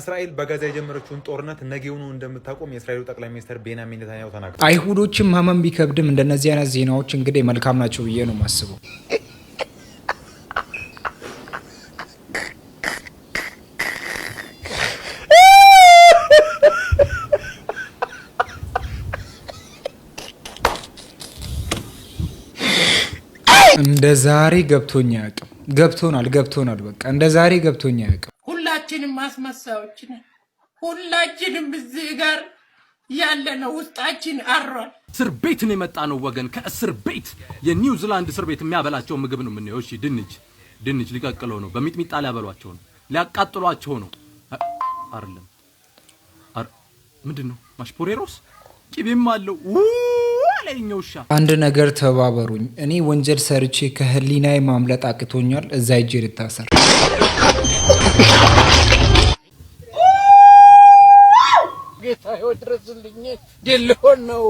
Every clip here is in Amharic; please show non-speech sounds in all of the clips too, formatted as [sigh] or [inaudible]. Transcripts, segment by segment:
እስራኤል በጋዛ የጀመረችውን ጦርነት ነገውኑ እንደምታቆም የእስራኤሉ ጠቅላይ ሚኒስትር ቤንያሚን ኔታንያሁ ተናግረዋል። አይሁዶችም ማመን ቢከብድም እንደነዚህ አይነት ዜናዎች እንግዲህ መልካም ናቸው ብዬ ነው የማስበው። እንደ ዛሬ ገብቶኛ ያቅም ገብቶናል ገብቶናል። በቃ እንደ ዛሬ ገብቶኛ ያቅም ማስመሳዮች ሁላችንም እዚህ ጋር ያለ ነው። ውስጣችን አሯል። እስር ቤት የመጣ ነው ወገን። ከእስር ቤት የኒውዚላንድ እስር ቤት የሚያበላቸው ምግብ ነው የምናየው። እሺ ድንች ድንች ሊቀቅለው ነው። በሚጥሚጣ ሊያበሏቸው ነው። ሊያቃጥሏቸው ነው። አይደለም ምንድን ነው ማሽፖሬሮስ ቂቤም አለው አንድ ነገር ተባበሩኝ። እኔ ወንጀል ሰርቼ ከህሊናዬ ማምለጥ አቅቶኛል። እዛ ሄጄ ልታሰር ጌታ ህይወት ድረስልኝ፣ ድልሆን ነው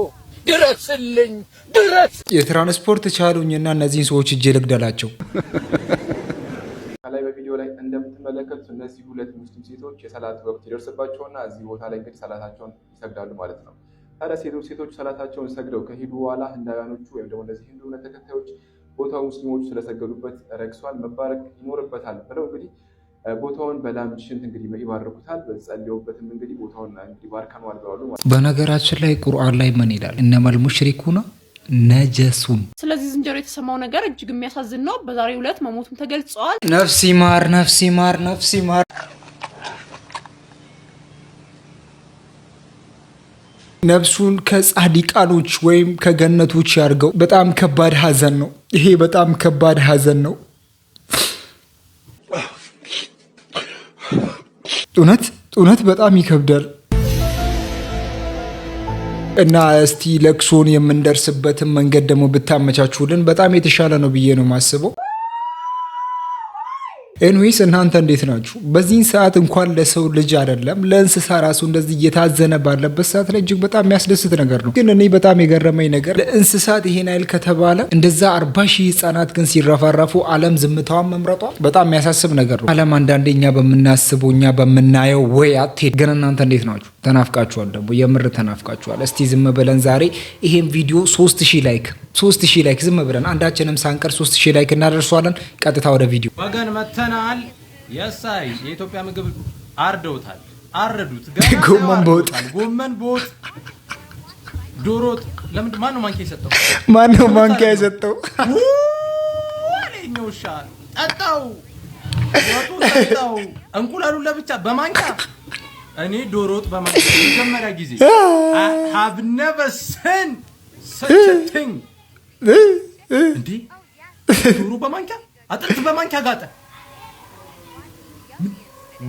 ድረስልኝ፣ ድረስ። የትራንስፖርት ቻሉኝና እነዚህን ሰዎች እጄ ልግደላቸው። ከላይ በቪዲዮ ላይ እንደምትመለከቱት እነዚህ ሁለት ሙስሊም ሴቶች የሰላት ወቅት ይደርስባቸውና እዚህ ቦታ ላይ እንግዲህ ሰላታቸውን ይሰግዳሉ ማለት ነው። ታዲያ ሴቶች ሴቶች ሰላታቸውን ሰግደው ከሄዱ በኋላ ህንዳውያኖቹ ወይም ደግሞ እነዚህ ሂንዱ እምነት ተከታዮች ቦታው ሙስሊሞቹ ስለሰገዱበት ረግሷል፣ መባረክ ይኖርበታል ብለው እንግዲህ ቦታውን በላም ሽንት እንግዲህ ይባርኩታል። በጸልዮበትም እንግዲህ ቦታውን እንግዲህ ባርከነዋል ብለዋል። በነገራችን ላይ ቁርአን ላይ ምን ይላል? እነመል ሙሽሪኩነ ነጀሱን። ስለዚህ ዝንጀሮ የተሰማው ነገር እጅግ የሚያሳዝን ነው። በዛሬው ዕለት መሞቱም ተገልጸዋል። ነፍሲ ማር፣ ነፍሲ ማር፣ ነፍሲ ማር። ነፍሱን ከጻዲቃኖች ወይም ከገነቶች ያርገው። በጣም ከባድ ሀዘን ነው ይሄ፣ በጣም ከባድ ሀዘን ነው። እውነት እውነት በጣም ይከብዳል። እና እስቲ ለቅሶን የምንደርስበትን መንገድ ደግሞ ብታመቻችሁልን በጣም የተሻለ ነው ብዬ ነው የማስበው። ኤንዊስ እናንተ እንዴት ናችሁ? በዚህን ሰዓት እንኳን ለሰው ልጅ አይደለም ለእንስሳ ራሱ እንደዚህ እየታዘነ ባለበት ሰዓት ላይ እጅግ በጣም የሚያስደስት ነገር ነው። ግን እኔ በጣም የገረመኝ ነገር ለእንስሳት ይሄን አይል ከተባለ እንደዛ አርባ ሺህ ህጻናት ግን ሲረፈረፉ ዓለም ዝምታዋን መምረጧ በጣም የሚያሳስብ ነገር ነው። ዓለም አንዳንዴ እኛ በምናስበው እኛ በምናየው ወይ አትሄድ። ግን እናንተ እንዴት ናችሁ? ተናፍቃችኋል፣ ደግሞ የምር ተናፍቃችኋል። እስቲ ዝም ብለን ዛሬ ይሄን ቪዲዮ ሶስት ሺህ ላይክ ሶስት ሺህ ላይክ ዝም ብለን አንዳችንም ሳንቀር ሶስት ሺህ ላይክ እናደርሷለን። ቀጥታ ወደ ቪዲዮ ይዘናል። የሳይ የኢትዮጵያ ምግብ አርደውታል፣ አረዱት። [laughs] ጎመን በወጥ ጎመን በወጥ ዶሮ ወጥ። ለምንድን ማነው ማንኪያ የሰጠው? ማነው ማንኪያ የሰጠው? ዋለኛው ሻ ጠጣው፣ ወጡን ጠጣው፣ እንቁላሉን ለብቻ በማንኪያ እኔ ዶሮ ወጥ በማንኪያ መጀመሪያ ጊዜ ሰች ቲንግ። እንዲህ ዶሮ በማንኪያ አጥንት በማንኪያ ጋጠ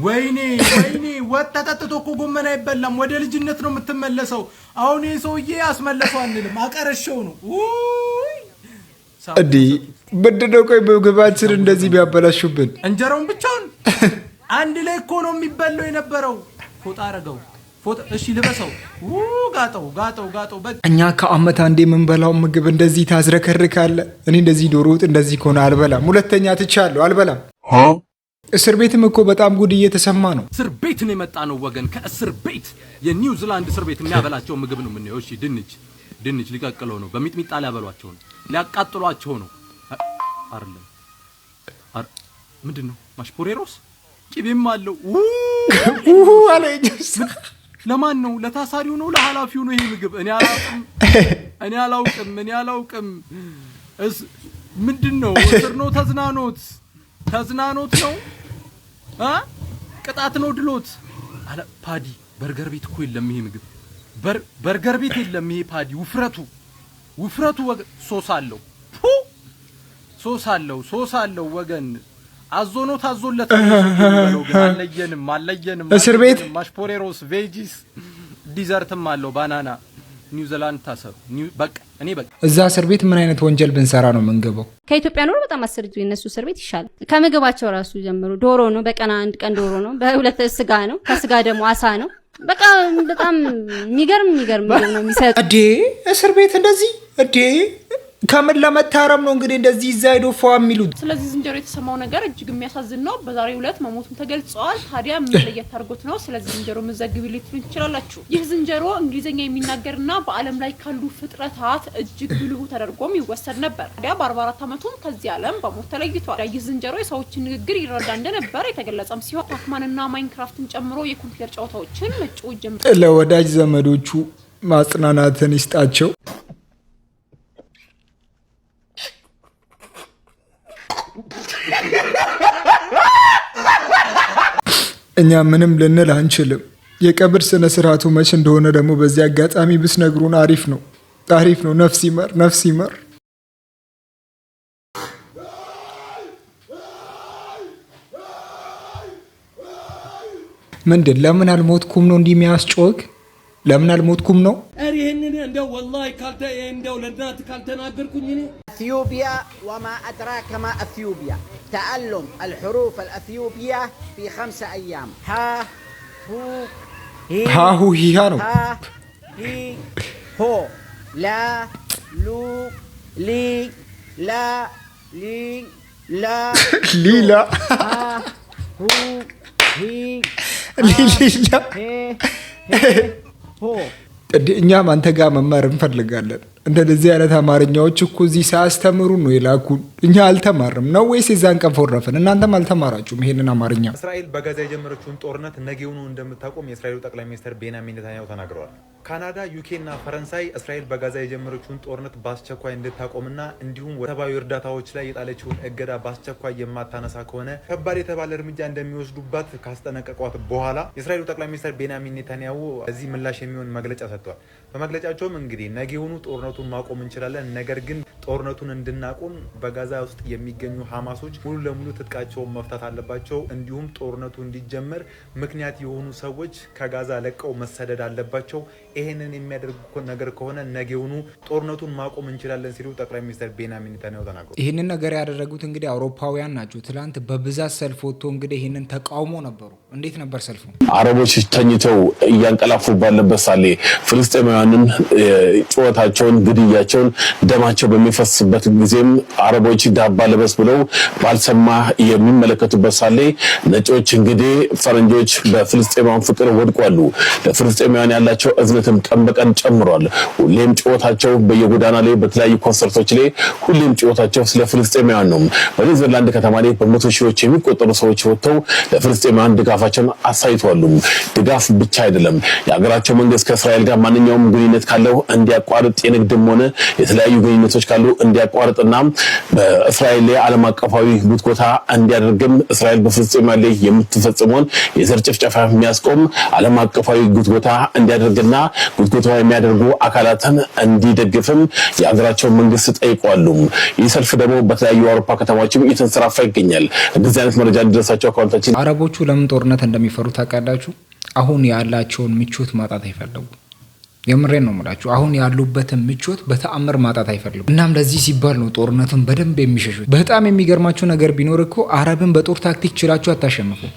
ወይኔ ወይኔ፣ ወጥ ተጠጥቶ እኮ ጎመን አይበላም። ወደ ልጅነት ነው የምትመለሰው። አሁን ይህ ሰውዬ አስመለሰው አንልም፣ አቀረሸው ነው እንዲህ ምንድነው? ቆይ ምግባችን እንደዚህ ቢያበላሹብን፣ እንጀራውን ብቻውን አንድ ላይ እኮ ነው የሚበላው የነበረው። ፎጣ አረገው እሺ ልበሰው፣ ጋጠው ጋጠው ጋጠው። እኛ ከአመት አንድ የምንበላው ምግብ እንደዚህ ታዝረከርካለ። እኔ እንደዚህ ዶሮ ወጥ እንደዚህ ከሆነ አልበላም። ሁለተኛ ትቻለሁ፣ አልበላም እስር ቤትም እኮ በጣም ጉድ እየተሰማ ነው። እስር ቤት ነው የመጣ ነው ወገን። ከእስር ቤት የኒውዚላንድ እስር ቤት የሚያበላቸው ምግብ ነው የምናየው። እሺ፣ ድንች ድንች ሊቀቅለው ነው፣ በሚጥሚጣ ሊያበሏቸው ነው፣ ሊያቃጥሏቸው ነው። አይደለም ምንድን ነው ማሽፖሬሮስ፣ ቂቤም አለው አለ። ለማን ነው? ለታሳሪው ነው? ለኃላፊው ነው? ይሄ ምግብ እኔ አላውቅም፣ [laughs] እኔ አላውቅም፣ እኔ አላውቅም። ምንድን ነው? እስር ነው? ተዝናኖት ተዝናኖት ነው። ቅጣት ነው ድሎት አለ ፓዲ። በርገር ቤት እኮ የለም ይሄ ምግብ፣ በርገር ቤት የለም ይሄ ፓዲ። ውፍረቱ ውፍረቱ ወገን ሶስ አለው፣ ሶስ አለው፣ ሶስ አለው ወገን። አዞ ነው ታዞለት። አለየንም፣ አለየንም። እስር ቤት ማሽፖሬሮስ ቬጂስ ዲዘርትም አለው ባናና። ኒውዚላንድ ታሰሩ በቃ እኔ በቃ እዛ እስር ቤት ምን አይነት ወንጀል ብንሰራ ነው የምንገባው? ከኢትዮጵያ ኖሮ በጣም አስርጁ የነሱ እስር ቤት ይሻላል። ከምግባቸው ራሱ ጀምሮ ዶሮ ነው፣ በቀን አንድ ቀን ዶሮ ነው፣ በሁለት ስጋ ነው፣ ከስጋ ደግሞ አሳ ነው። በቃ በጣም የሚገርም የሚገርም ነው የሚሰጥ። እዴ እስር ቤት እንደዚህ እዴ ከምን ለመታረም ነው እንግዲህ እንደዚህ ይዛ ፏ የሚሉት? ስለዚህ ዝንጀሮ የተሰማው ነገር እጅግ የሚያሳዝን ነው። በዛሬው ዕለት መሞቱን ተገልጸዋል። ታዲያ ምን ለየት አድርጎት ነው ስለዚህ ዝንጀሮ መዘግብ ልትሉኝ ትችላላችሁ። ይህ ዝንጀሮ እንግሊዝኛ የሚናገርና በዓለም ላይ ካሉ ፍጥረታት እጅግ ብልሁ ተደርጎም ይወሰድ ነበር። ታዲያ በ44 ዓመቱም ከዚህ ዓለም በሞት ተለይቷል። ይህ ዝንጀሮ የሰዎችን ንግግር ይረዳ እንደነበር የተገለጸም ሲሆን ፓክማንና ማይንክራፍትን ጨምሮ የኮምፒውተር ጨዋታዎችን መጫወት ጀምሯል። ለወዳጅ ዘመዶቹ ማጽናናትን ይስጣቸው። እኛ ምንም ልንል አንችልም። የቀብር ስነ ስርዓቱ መች እንደሆነ ደግሞ በዚህ አጋጣሚ ብትነግሩን አሪፍ ነው፣ አሪፍ ነው። ነፍስ ይመር፣ ነፍስ ይመር። ምንድን ለምን አልሞትኩም ነው እንዲህ የሚያስጮግ? ለምን አልሞትኩም ነው? ኧረ ይህንን እንደው ወላሂ ካልተ እንደው ለእናትህ ካልተናገርኩኝ እኔ ኢትዮጵያ ወማ አድራከማ ኢትዮጵያ تعلم الحروف الأثيوبية في خمسة أيام ها هو هي ها هو هي ها هي هو لا لو لي لا لي لا [laughs] لي لا ها هو هي [laughs] لي لا هو እኛ ማንተ ጋር መማር እንፈልጋለን። እንደዚህ አይነት አማርኛዎች እኮ እዚህ ሳያስተምሩ ነው የላኩን። እኛ አልተማርም ነው ወይስ የዛን ቀን ፎረፍን? እናንተም አልተማራችሁም ይሄንን አማርኛ። እስራኤል በጋዛ የጀመረችውን ጦርነት ነገውኑ እንደምታቆም የእስራኤሉ ጠቅላይ ሚኒስትር ቤንያሚን ኔታንያሁ ተናግረዋል። ካናዳ ዩኬና ፈረንሳይ እስራኤል በጋዛ የጀመረችውን ጦርነት በአስቸኳይ እንድታቆምና እንዲሁም ሰብአዊ እርዳታዎች ላይ የጣለችውን እገዳ በአስቸኳይ የማታነሳ ከሆነ ከባድ የተባለ እርምጃ እንደሚወስዱባት ካስጠነቀቋት በኋላ የእስራኤሉ ጠቅላይ ሚኒስትር ቤንያሚን ኔታንያሁ እዚህ ምላሽ የሚሆን መግለጫ ሰጥቷል። በመግለጫቸውም እንግዲህ ነገውኑ ጦርነቱን ማቆም እንችላለን፣ ነገር ግን ጦርነቱን እንድናቆም በጋዛ ውስጥ የሚገኙ ሀማሶች ሙሉ ለሙሉ ትጥቃቸውን መፍታት አለባቸው፣ እንዲሁም ጦርነቱ እንዲጀመር ምክንያት የሆኑ ሰዎች ከጋዛ ለቀው መሰደድ አለባቸው ይህንን የሚያደርጉ ነገር ከሆነ ነገውኑ ጦርነቱን ማቆም እንችላለን ሲሉ ጠቅላይ ሚኒስትር ቤንያሚን ኔታንያሁ ተናገሩ። ይህንን ነገር ያደረጉት እንግዲህ አውሮፓውያን ናቸው። ትላንት በብዛት ሰልፍ ወጥቶ እንግዲህ ይህንን ተቃውሞ ነበሩ። እንዴት ነበር ሰልፉ? አረቦች ተኝተው እያንቀላፉ ባለበት ሳሌ ፍልስጤማውያንን ጩኸታቸውን፣ ግድያቸውን፣ ደማቸው በሚፈስበት ጊዜም አረቦች ዳባ ልበስ ብለው ባልሰማ የሚመለከቱበት ሳሌ ነጮች እንግዲህ ፈረንጆች በፍልስጤማውያን ፍቅር ወድቋሉ። ለፍልስጤማውያን ያላቸው እዝነት በፊትም ቀን በቀን ጨምሯል። ሁሌም ጭወታቸው በየጎዳና ላይ በተለያዩ ኮንሰርቶች ላይ ሁሌም ጭወታቸው ስለ ፍልስጤማውያን ነው። በኔዘርላንድ ከተማ ላይ በመቶ ሺዎች የሚቆጠሩ ሰዎች ወጥተው ለፍልስጤማውያን ድጋፋቸውን አሳይተዋል። ድጋፍ ብቻ አይደለም፣ የሀገራቸው መንግስት ከእስራኤል ጋር ማንኛውም ግንኙነት ካለው እንዲያቋርጥ፣ የንግድም ሆነ የተለያዩ ግንኙነቶች ካሉ እንዲያቋርጥና በእስራኤል ላይ ዓለም አቀፋዊ ጉትጎታ እንዲያደርግም እስራኤል በፍልስጤማውያን ላይ የምትፈጽመውን የዘር ጭፍጨፋ የሚያስቆም ዓለም አቀፋዊ ጉትጎታ እንዲያደርግና ጉትጉታ የሚያደርጉ አካላትን እንዲደግፍም የሀገራቸውን መንግስት ጠይቋሉ። ይህ ሰልፍ ደግሞ በተለያዩ የአውሮፓ ከተማዎችም እየተንሰራፋ ይገኛል። እንደዚህ አይነት መረጃ እንዲደርሳቸው አካውንታችን። አረቦቹ ለምን ጦርነት እንደሚፈሩ ታውቃላችሁ? አሁን ያላቸውን ምቾት ማጣት አይፈልጉ። የምሬን ነው የምላችሁ። አሁን ያሉበትን ምቾት በተአምር ማጣት አይፈልጉ። እናም ለዚህ ሲባል ነው ጦርነቱን በደንብ የሚሸሹት። በጣም የሚገርማችሁ ነገር ቢኖር እኮ አረብን በጦር ታክቲክ ችላችሁ አታሸንፉም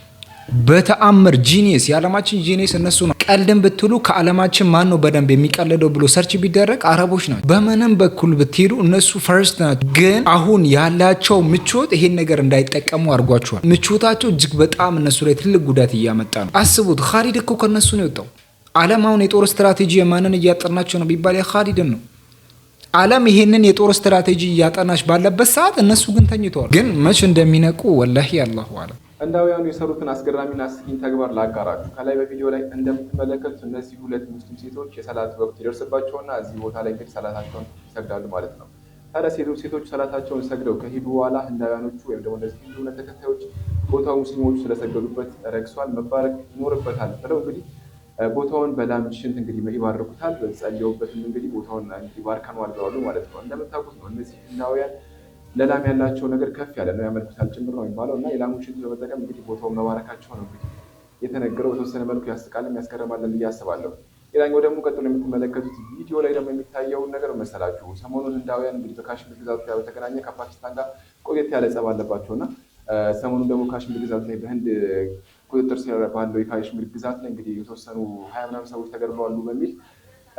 በተአምር ጂኒየስ የዓለማችን ጂኒየስ እነሱ ነው። ቀልድን ብትሉ ከዓለማችን ማን ነው በደንብ የሚቀልደው ብሎ ሰርች ቢደረግ አረቦች ናቸው። በምንም በኩል ብትሄዱ እነሱ ፈርስት ናቸው። ግን አሁን ያላቸው ምቾት ይሄን ነገር እንዳይጠቀሙ አድርጓቸዋል። ምቾታቸው እጅግ በጣም እነሱ ላይ ትልቅ ጉዳት እያመጣ ነው። አስቡት፣ ካሊድ እኮ ከእነሱ ነው የወጣው። ዓለም አሁን የጦር ስትራቴጂ የማንን እያጠናቸው ነው ቢባል የካሊድን ነው። ዓለም ይሄንን የጦር ስትራቴጂ እያጠናች ባለበት ሰዓት እነሱ ግን ተኝተዋል። ግን መች እንደሚነቁ ወላሂ አላሁ አለም ህንዳውያኑ የሰሩትን አስገራሚና አስቂኝ ተግባር ላጋራችሁ። ከላይ በቪዲዮ ላይ እንደምትመለከቱት እነዚህ ሁለት ሙስሊም ሴቶች የሰላት ወቅት ይደርስባቸውና እዚህ ቦታ ላይ እንግዲህ ሰላታቸውን ይሰግዳሉ ማለት ነው። ታዲያ ሴቶች ሴቶች ሰላታቸውን ሰግደው ከሄዱ በኋላ ህንዳውያኖቹ ወይም ደግሞ እነዚህ ሂንዱ እምነት ተከታዮች ቦታው ሙስሊሞቹ ስለሰገዱበት ረግሷል፣ መባረክ ይኖርበታል ብለው እንግዲህ ቦታውን በላም ሽንት እንግዲህ ይባርኩታል። ጸልየውበትም እንግዲህ ቦታውን እንግዲህ ብለዋሉ ማለት ነው። እንደምታውቁት ነው እነዚህ ህንዳውያን ለላም ያላቸው ነገር ከፍ ያለ ነው፣ ያመልኩታል ጭምር ነው የሚባለው እና ሽንት በመጠቀም እንግዲህ ቦታው መባረካቸው ነው እንግዲህ የተነገረው። በተወሰነ መልኩ ያስቃልም ያስገርማልን ብዬ አስባለሁ። ሌላኛው ደግሞ ቀጥሎ የምትመለከቱት ቪዲዮ ላይ ደግሞ የሚታየውን ነገር መሰላችሁ። ሰሞኑን ህንዳውያን እንግዲህ በካሽሚር ግዛት ጋር በተገናኘ ከፓኪስታን ጋር ቆየት ያለ ጸብ አለባቸው እና ሰሞኑን ደግሞ ካሽሚር ግዛት ላይ በህንድ ቁጥጥር ስር ባለው የካሽሚር ግዛት ላይ እንግዲህ የተወሰኑ ሀያ ምናምን ሰዎች ተገድለዋሉ በሚል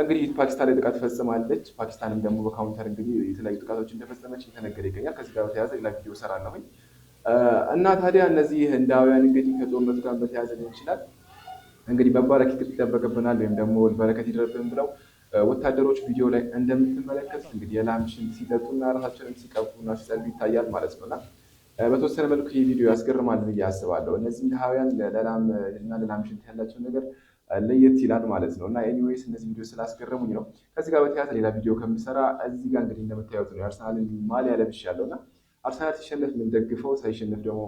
እንግዲህ ፓኪስታን ላይ ጥቃት ፈጽማለች። ፓኪስታንም ደግሞ በካውንተር እንግዲህ የተለያዩ ጥቃቶች እንደፈጸመች እየተነገረ ይገኛል። ከዚህ ጋር በተያያዘ ሌላ ቪዲዮ እሰራለሁኝ እና ታዲያ እነዚህ ህንዳውያን እንግዲህ ከጦርነቱ ጋር በተያያዘ ሊሆን ይችላል እንግዲህ መባረክ ይጠበቅብናል ወይም ደግሞ በረከት ይደረብን ብለው ወታደሮች ቪዲዮ ላይ እንደምትመለከቱት እንግዲህ የላም ሽንት ሲጠጡና ራሳቸውንም ሲቀቡና ሲጸሉ ይታያል ማለት ነውና በተወሰነ መልኩ ይህ ቪዲዮ ያስገርማል ብዬ አስባለሁ። እነዚህ ድሃውያን ለላም እና ለላምሽን ሽንት ያላቸውን ነገር ለየት ይላል ማለት ነው። እና ኤኒዌይስ እነዚህ ቪዲዮ ስላስገረሙኝ ነው። ከዚህ ጋር በተያያዘ ሌላ ቪዲዮ ከምሰራ እዚህ ጋር እንግዲህ እንደምታዩት ነው የአርሰናልን ማሊያ ለብሻለሁ እና አርሰናል ሲሸነፍ የምንደግፈው ሳይሸነፍ ደግሞ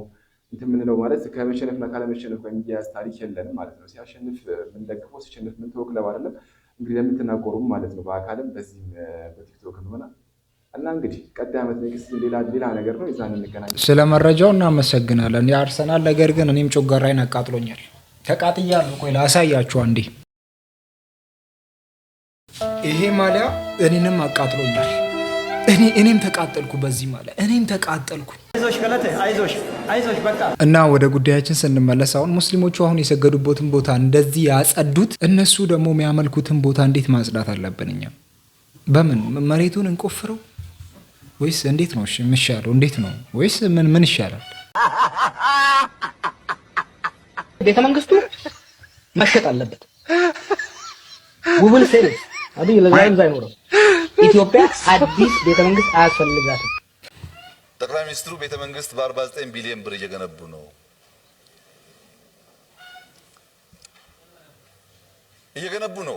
እንትን የምንለው ማለት ከመሸነፍና ካለመሸነፍ የሚያያዝ ታሪክ የለንም ማለት ነው። ሲያሸንፍ የምንደግፈው ሲሸነፍ የምንተወክለው አይደለም እንግዲህ ለምትናገሩም ማለት ነው በአካልም በዚህም በቲክቶክ ሆና እና እንግዲህ ቀጣይ ዓመት ንግስት ሌላ ሌላ ነገር ነው። ይዛን እንገናኝ። ስለ መረጃው እናመሰግናለን። የአርሰናል ነገር ግን እኔም ጮጋራይን አቃጥሎኛል። ተቃጥያለሁ። ቆይ ላሳያችሁ አንዴ። ይሄ ማሊያ እኔንም አቃጥሎኛል። እኔ እኔም ተቃጠልኩ በዚህ ማሊያ እኔም ተቃጠልኩ። እና ወደ ጉዳያችን ስንመለስ አሁን ሙስሊሞቹ አሁን የሰገዱበትን ቦታ እንደዚህ ያጸዱት፣ እነሱ ደግሞ የሚያመልኩትን ቦታ እንዴት ማጽዳት አለብን እኛ? በምን መሬቱን እንቆፍረው ወይስ እንዴት ነው የሚሻለው? እንዴት ነው ወይስ ምን ምን ይሻላል? ቤተ መንግስቱ መሸጥ አለበት። ውብል ሴል አብይ ለዛም አይኖርም። ኢትዮጵያ አዲስ ቤተ መንግስት አያስፈልጋትም። ጠቅላይ ሚኒስትሩ ቤተ መንግስት በ49 ቢሊዮን ብር እየገነቡ ነው እየገነቡ ነው።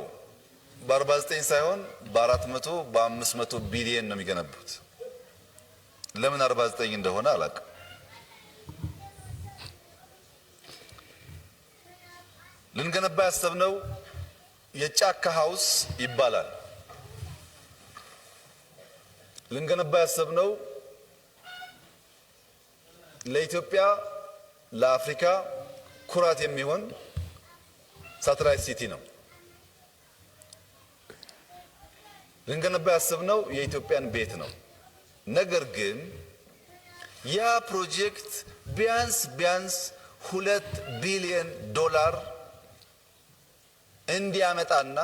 በ49 ሳይሆን በ400 በ500 ቢሊዮን ነው የሚገነቡት። ለምን 49 እንደሆነ አላውቅም። ልንገነባ ያሰብነው የጫካ ሀውስ ይባላል። ልንገነባ ያሰብነው ለኢትዮጵያ ለአፍሪካ ኩራት የሚሆን ሳተላይት ሲቲ ነው። ልንገነባ ያሰብነው የኢትዮጵያን ቤት ነው። ነገር ግን ያ ፕሮጀክት ቢያንስ ቢያንስ ሁለት ቢሊዮን ዶላር እንዲያመጣና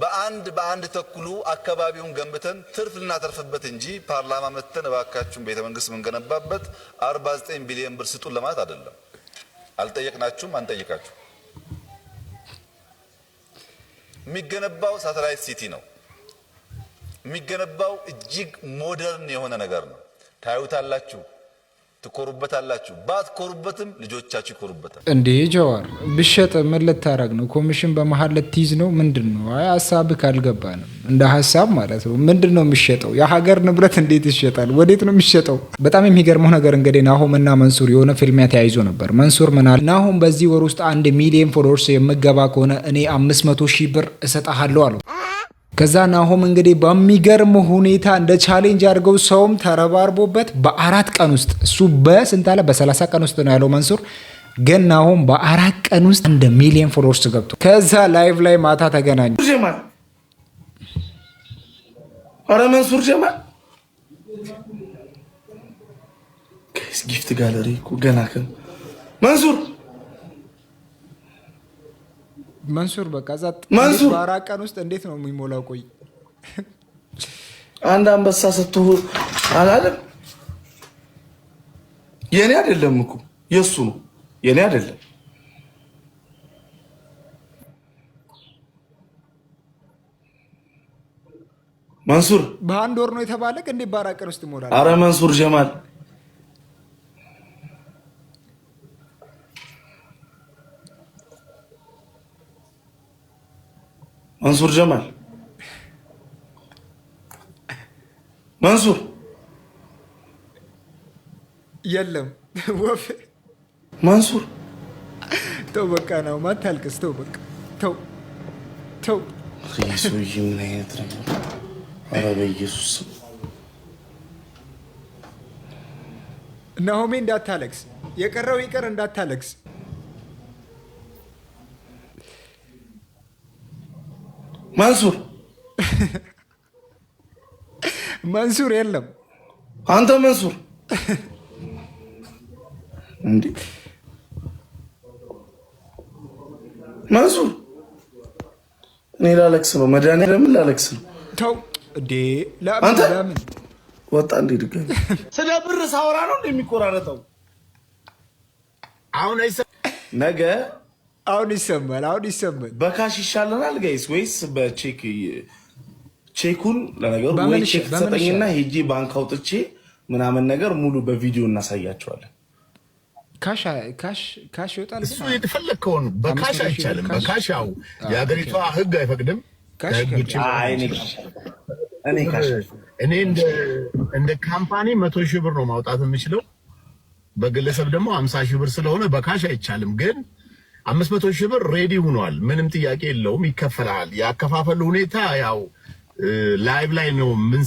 በአንድ በአንድ ተኩሉ አካባቢውን ገንብተን ትርፍ ልናተርፍበት እንጂ ፓርላማ መጥተን እባካችሁን ቤተ መንግስት የምንገነባበት 49 ቢሊዮን ብር ስጡን ለማለት አይደለም። አልጠየቅናችሁም፣ አንጠይቃችሁ። የሚገነባው ሳተላይት ሲቲ ነው። የሚገነባው እጅግ ሞደርን የሆነ ነገር ነው። ታዩታላችሁ። ትኮሩበታላችሁ። ባትኮሩበትም ልጆቻችሁ ይኮሩበታል። እንዲህ ጀዋር ብሸጥ ምን ልታረግ ነው? ኮሚሽን በመሀል ልትይዝ ነው? ምንድን ነው? አይ ሀሳብህ ካልገባንም እንደ ሀሳብ ማለት ነው። ምንድን ነው የሚሸጠው? የሀገር ንብረት እንዴት ይሸጣል? ወዴት ነው የሚሸጠው? በጣም የሚገርመው ነገር እንግዲህ ናሆም እና መንሱር የሆነ ፊልሚያ ተያይዞ ነበር። መንሱር ምናል ናሆም በዚህ ወር ውስጥ አንድ ሚሊዮን ፎሎወርስ የምገባ ከሆነ እኔ አምስት መቶ ሺህ ብር እሰጠሃለሁ አለው። ከዛ ናሆም እንግዲህ በሚገርም ሁኔታ እንደ ቻሌንጅ አድርገው ሰውም ተረባርቦበት በአራት ቀን ውስጥ እሱ በስንት አለ በሰላሳ ቀን ውስጥ ነው ያለው መንሱር ግን ናሆም በአራት ቀን ውስጥ እንደ ሚሊዮን ፎሎወርስ ገብቶ ከዛ ላይቭ ላይ ማታ ተገናኙ። ኧረ መንሱር ጀማል ጊፍት ጋለሪ ገና መንሱር መንሱር በቃ ጸጥ። መንሱር በአራት ቀን ውስጥ እንዴት ነው የሚሞላው? ቆይ አንድ አንበሳ ስትሆን አላለም። የእኔ አይደለም እኮ የእሱ ነው። የእኔ አይደለም። መንሱር በአንድ ወር ነው የተባለ እንዴት በአራት ቀን ውስጥ ይሞላል። አረ መንሱር ጀማል መንሱር ጀማል መንሱር የለም ወፍ መንሱር ተው በቃ ነው ማታልቅስ ተው በቃ ተው ተው ሰውዬ ምን አይነት ነገር ኧረ በኢየሱስ ናሆሜ እንዳታለቅስ የቀረው ይቀር እንዳታለቅስ መንሱር [laughs] መንሱር የለም። አንተ መንሱር እንዴ? መንሱር እኔ ላለቅስ ነው። መድኃኒዓለምን ላለቅስ ነው። ተው እንዴ! ለምን ወጣ እንዴ? ድጋሚ ስለ ብር ሳወራ ነው እንደሚቆራረጠው አሁን ነገ አሁን ይሰማል። አሁን ይሰማል። በካሽ ይሻለናል ጋይስ ወይስ በቼክ? ቼኩን ለነገሩ ወይ ቼክ ተሰጠኝና ሄጄ ባንክ አውጥቼ ምናምን ነገር ሙሉ በቪዲዮ እናሳያቸዋለን። ካሽ ይወጣል። እሱ የተፈለግከውን በካሽ አይቻልም። በካሽ ያው የሀገሪቷ አይፈቅድም። እኔ እንደ ካምፓኒ መቶ ሺህ ብር ነው ማውጣት የምችለው። በግለሰብ ደግሞ አምሳ ሺህ ብር ስለሆነ በካሽ አይቻልም ግን አምስት መቶ ሺህ ብር ሬዲ ሆኗል። ምንም ጥያቄ የለውም፣ ይከፈላል። ያከፋፈሉ ሁኔታ ያው ላይቭ ላይ ነው። ምን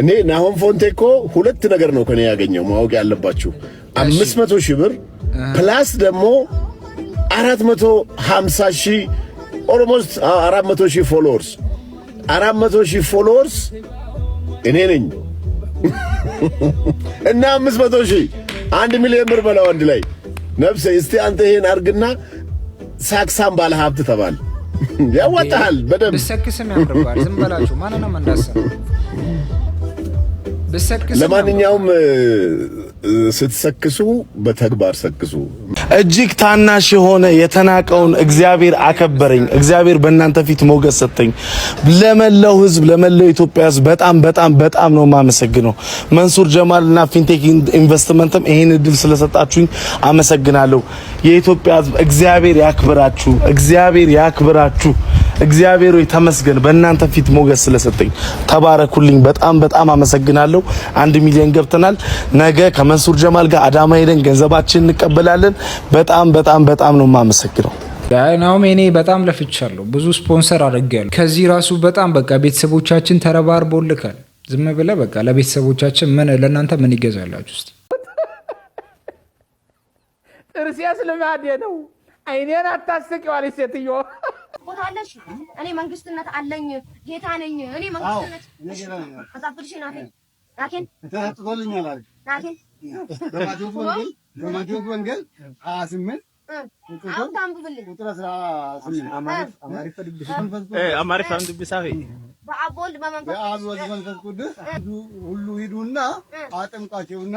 እኔ ናሆም ፎንቴ እኮ ሁለት ነገር ነው ከኔ ያገኘው ማወቅ ያለባችሁ፣ አምስት መቶ ሺህ ብር ፕላስ ደግሞ አራት መቶ ሀምሳ ሺህ ኦልሞስት አራት መቶ ሺህ ፎሎወርስ አራት መቶ ሺህ ፎሎወርስ እኔ ነኝ [laughs] እና አምስት መቶ ሺህ አንድ ሚሊዮን ብር በለው አንድ ላይ ነፍሴ እስቲ አንተ ይሄን አርግና ሳክሳም ባለ ሀብት ተባል [laughs] ያዋጣሃል። በደንብ ብሰክስም ያምርባል። ዝም በላችሁ ማንንም እንዳሰብ ብሰክስም ለማንኛውም ስትሰክሱ በተግባር ሰክሱ። እጅግ ታናሽ የሆነ የተናቀውን እግዚአብሔር አከበረኝ። እግዚአብሔር በእናንተ ፊት ሞገስ ሰጠኝ። ለመላው ሕዝብ ለመላው ኢትዮጵያ ሕዝብ በጣም በጣም በጣም ነው የማመሰግነው። መንሱር ጀማል እና ፊንቴክ ኢንቨስትመንትም ይሄን እድል ስለሰጣችሁኝ አመሰግናለሁ። የኢትዮጵያ ሕዝብ እግዚአብሔር ያክብራችሁ፣ እግዚአብሔር ያክብራችሁ። እግዚአብሔር ወይ ተመስገን፣ በእናንተ ፊት ሞገስ ስለሰጠኝ ተባረኩልኝ። በጣም በጣም አመሰግናለሁ። አንድ ሚሊዮን ገብተናል። ነገ ከመንሱር ጀማል ጋር አዳማ ሄደን ገንዘባችን እንቀበላለን። በጣም በጣም በጣም ነው የማመሰግነው። ናሁም እኔ በጣም ለፍቻለሁ። ብዙ ስፖንሰር አድርጌያለሁ። ከዚህ ራሱ በጣም በቃ ቤተሰቦቻችን ተረባርቦልካል። ዝም ብለህ በቃ ለቤተሰቦቻችን ምን ለእናንተ ምን ይገዛላችሁ እስኪ? ጥርሴ ስልማዴ ነው። አይኔን አታስቅ ዋለች ቦታ እኔ መንግስትነት አለኝ፣ ጌታ ነኝ። እኔ መንግስትነት መጻፍልሽ ናቴን ናቴን ተሰጥቶልኛል አለ ናቴን በማቴዎስ ወንጌል ስምንት አማሪፍ አንብብልኝ ሳፌ በአብ ወልድ በመንፈስ ቅዱስ ሁሉ ሂዱና አጥምቃቸውና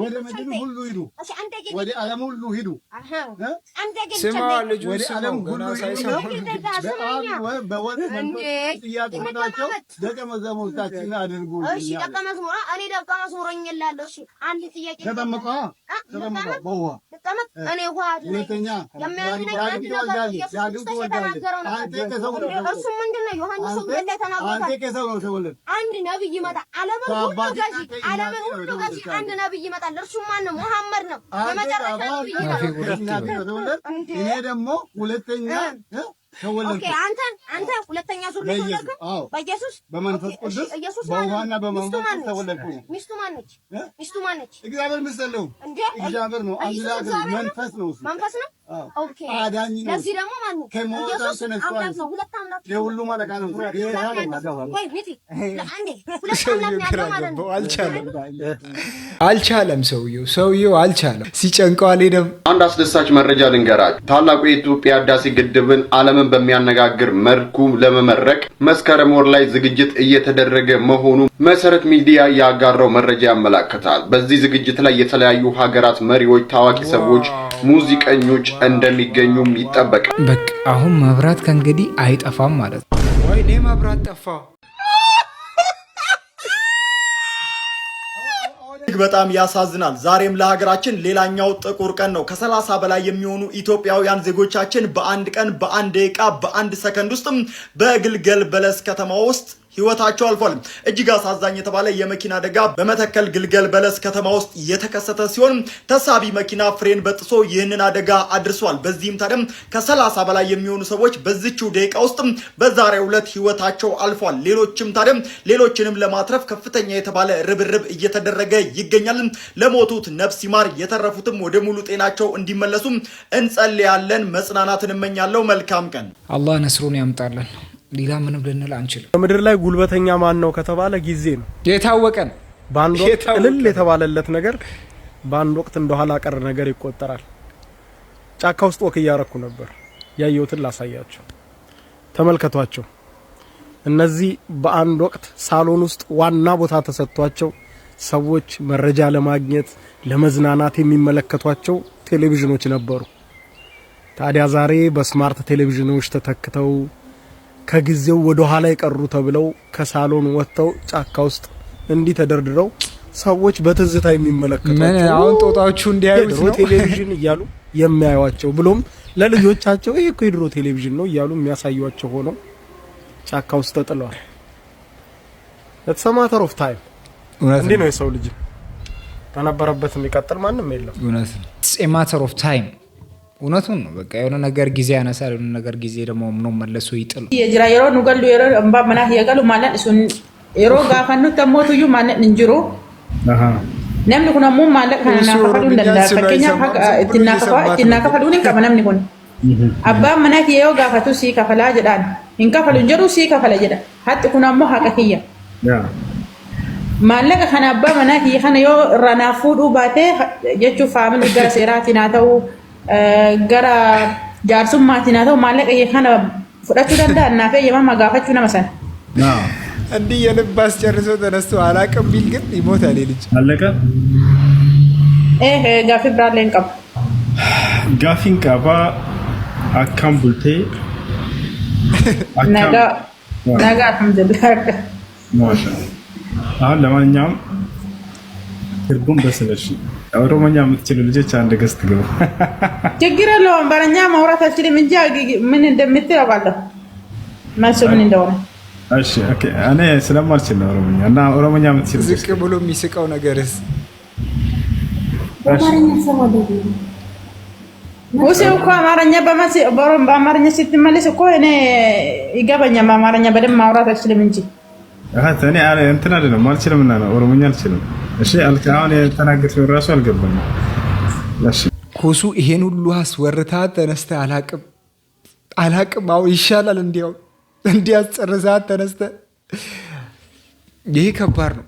ወደ ዓለም ሁሉ ሂዱ። ስማ ልጁ ጥያቄናቸው ደቀ መዛሙርታችን አድርጉ። አንድ ነብይ ይመጣ አንድ ነብይ ይመጣል። እርሱ ማን ነው? መሐመድ ነው። በመጨረሻ ነብይ ይመጣል። እኔ ደግሞ ሁለተኛ ኦኬ አንተ አንተ ሁለተኛ ነው አልቻለም። ሰውየው ሰውየው አልቻለም። ሲጨንቀው አልሄደም። አንድ አስደሳች መረጃ ልንገራችሁ። ታላቁ የኢትዮጵያ ህዳሴ ግድብን ዓለምን በሚያነጋግር መልኩ ለመመረቅ መስከረም ወር ላይ ዝግጅት እየተደረገ መሆኑ መሰረት ሚዲያ ያጋራው መረጃ ያመላክታል። በዚህ ዝግጅት ላይ የተለያዩ ሀገራት መሪዎች፣ ታዋቂ ሰዎች፣ ሙዚቀኞች እንደሚገኙም ይጠበቃል። በቃ አሁን መብራት ከእንግዲህ አይጠፋም ማለት ነው። ወይኔ መብራት ጠፋ። በጣም ያሳዝናል። ዛሬም ለሀገራችን ሌላኛው ጥቁር ቀን ነው። ከሰላሳ በላይ የሚሆኑ ኢትዮጵያውያን ዜጎቻችን በአንድ ቀን፣ በአንድ ደቂቃ፣ በአንድ ሰከንድ ውስጥም በግልገል በለስ ከተማ ውስጥ ህይወታቸው አልፏል። እጅግ አሳዛኝ የተባለ የመኪና አደጋ በመተከል ግልገል በለስ ከተማ ውስጥ የተከሰተ ሲሆን ተሳቢ መኪና ፍሬን በጥሶ ይህንን አደጋ አድርሷል። በዚህም ታዲያም ከሰላሳ በላይ የሚሆኑ ሰዎች በዚችው ደቂቃ ውስጥ በዛሬው ዕለት ህይወታቸው አልፏል። ሌሎችም ታዲያም ሌሎችንም ለማትረፍ ከፍተኛ የተባለ ርብርብ እየተደረገ ይገኛል። ለሞቱት ነፍስ ይማር፣ የተረፉትም ወደ ሙሉ ጤናቸው እንዲመለሱ እንጸልያለን። መጽናናትን እመኛለሁ። መልካም ቀን። አላህ ነስሩን ያምጣለን። ሌላ ምንም ልንል አንችልም። በምድር ላይ ጉልበተኛ ማን ነው ከተባለ ጊዜ ነው የታወቀ ነው። በአንድ ወቅት እልል የተባለለት ነገር በአንድ ወቅት እንደኋላ ቀር ነገር ይቆጠራል። ጫካ ውስጥ ወክ እያረኩ ነበር። ያየሁትን ላሳያቸው፣ ተመልከቷቸው። እነዚህ በአንድ ወቅት ሳሎን ውስጥ ዋና ቦታ ተሰጥቷቸው ሰዎች መረጃ ለማግኘት ለመዝናናት የሚመለከቷቸው ቴሌቪዥኖች ነበሩ። ታዲያ ዛሬ በስማርት ቴሌቪዥኖች ተተክተው ከጊዜው ወደ ኋላ የቀሩ ተብለው ከሳሎን ወጥተው ጫካ ውስጥ እንዲህ ተደርድረው ሰዎች በትዝታ የሚመለከቷቸው አሁን ጦጣዎቹ እንዲያዩ ቴሌቪዥን እያሉ የሚያዩቸው ብሎም ለልጆቻቸው ይሄ እኮ የድሮ ቴሌቪዥን ነው እያሉ የሚያሳዩቸው ሆነው ጫካ ውስጥ ተጥለዋል። ለተሰማተር ኦፍ ታይም እንዲህ ነው የሰው ልጅ ከነበረበት የሚቀጥል ማንም የለም። እውነት ነው። ኢትስ ኤ ማተር ኦፍ ታይም እውነቱን ነው። በቃ የሆነ ነገር ጊዜ ያነሳል፣ የሆነ ነገር ጊዜ ደግሞ ምኖ መለሱ ይጥሉ የጅራ የሮ ንገሉ የሮ እንባ መና የቀሉ ማለት እሱን የሮ ጋፈኑ ተሞቱዩ ማለት እንጅሩ ነምኒ ኩን አሙ ማለት ከናፈዱ እንደላ ፈከኛ እትናከፋ እትናከፋዱ ንቀመ ነምኒ ኩን አባ መናት የዮ ጋፈቱ ሲ ከፈላ ጀዳን እንከፈሉ እንጀሩ ሲ ከፈላ ጀዳ ሀጥ ኩን ሙ ሀቀህያ maallaqa kana አባ manaa kiyya kana yoo irraa naaf fuudhuu baate jechuun faamilii gara gara jaarsummaatti haa ta'u maallaqa iyya kana fudhachuu danda'a naaf eeyyamama gaafachuu nama sana. yaa lubbaas እንዲህ የልብ አስጨርሶ ተነስቶ አላውቅም ቢል ግን ይሞታል ልጅ አለቀ። ጋፊ ብራሌን ቀባ Nagaa. ቀባ አካም ቡልቴ ነገ አልሐምዱሊላህ Lamaan nyaamu. ትርጉም በስለሽ ኦሮሞኛ የምትችሉ ልጆች አንድ ገዝት ግቡ። ችግር የለውም። በረኛ ማውራት አልችልም እንጂ ምን እንደምትል አውቃለሁ። መልሱ ምን እንደሆነ እኔ ስለማልችል ነው ኦሮሞኛ እና ኦሮሞኛ የምትችል ዝቅ ብሎ የሚስቀው ነገርስ ሙሴ እኮ አማርኛ በአማርኛ ስትመልስ እኮ እኔ ይገባኛል። በአማርኛ በደንብ ማውራት አልችልም እንጂ እኔ እንትን አይደለም አልችልም፣ እና ነው ኦሮሞኛ አልችልም። እሺ አሁን የተናገርሽው ራሱ አልገባኝም። ኩሱ ይሄን ሁሉ አስወርታ ተነስተህ አላቅም አላቅም። አሁን ይሻላል እንዲያው እንዲያስጨርሳት ተነስተህ። ይሄ ከባድ ነው፣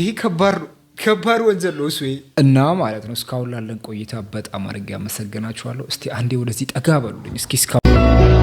ይሄ ከባድ ነው፣ ከባድ ወንጀል ነው እሱ እና ማለት ነው። እስካሁን ላለን ቆይታ በጣም አድርጌ አመሰግናችኋለሁ። እስቲ አንዴ ወደዚህ ጠጋ በሉልኝ እስኪ